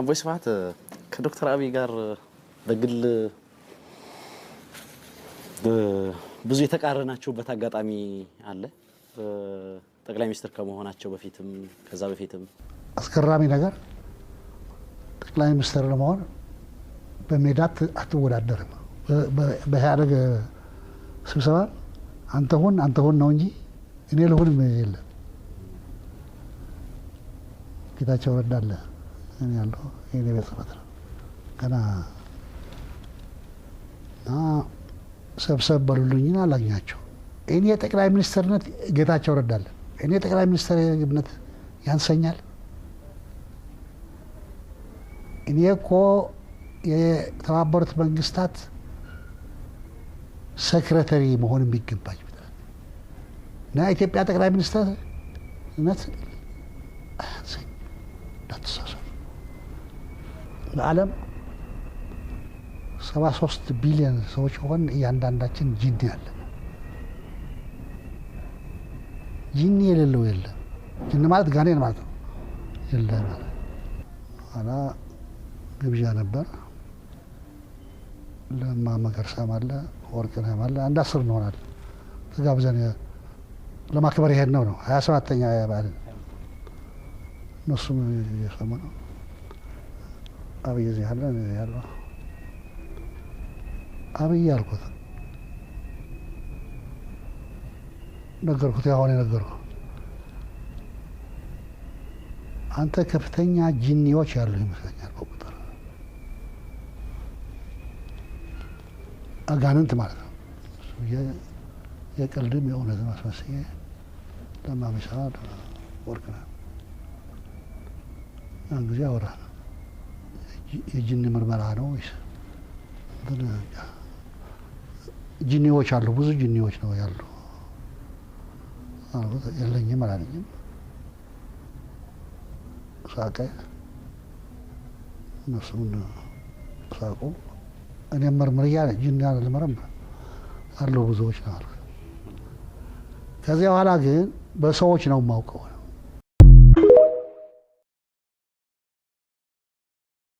አቦይ ስብሐት ከዶክተር አብይ ጋር በግል ብዙ የተቃረናችሁበት አጋጣሚ አለ? ጠቅላይ ሚኒስትር ከመሆናቸው በፊትም ከዛ በፊትም አስገራሚ ነገር ጠቅላይ ሚኒስትር ለመሆን በሜዳ አትወዳደርም። በኢህአደግ ስብሰባ አንተ ሁን አንተ ሁን ነው እንጂ እኔ ልሁንም የለም። ጌታቸው ረዳ ያለው የኔ ቤት ጽሕፈት ነው። ገና እና ሰብሰብ እኔ ጠቅላይ ሚኒስትርነት ጌታቸው ረዳለን እኔ ጠቅላይ ሚኒስትርነት ያንሰኛል። እኔ እኮ የተባበሩት መንግስታት ሰክረተሪ መሆን የሚገባኝ እና ኢትዮጵያ ጠቅላይ ሚኒስትርነት ለዓለም 73 ቢሊዮን ሰዎች ከሆን እያንዳንዳችን ጂኒ አለ። ጂኒ የሌለው የለም። ጂኒ ማለት ጋኔን ማለት ነው። የለ ማለት ኋላ ግብዣ ነበር። ለማ ለማመገርሳም አለ ወርቅነህም አለ። አንድ አስር እንሆናለን ተጋብዘን ለማክበር ይሄድ ነው ነው ሀያ ሰባተኛ በዓል እነሱም እየሰሙ ነው አብይ እዚህ አለ እዚህ አለ አብይ አልኩት። ነገርኩት አሁን የነገርኩ አንተ ከፍተኛ ጂኒዎች ያሉ ይመስለኛል በቁጥር አጋንንት ማለት ነው። የቀልድም የእውነት ማስመስዬ ለማሚሳ ወርቅ ያን ጊዜ አወራል የጂኒ ምርመራ ነው ጅኒዎች አሉ። ብዙ ጅኒዎች ነው ያሉ። የለኝም አላለኝም። ሳቀ። እነሱን ሳቁ። እኔ መርምር እያለ ጂኒ አልመረምር አሉ ብዙዎች ነው አሉ። ከዚያ በኋላ ግን በሰዎች ነው የማውቀው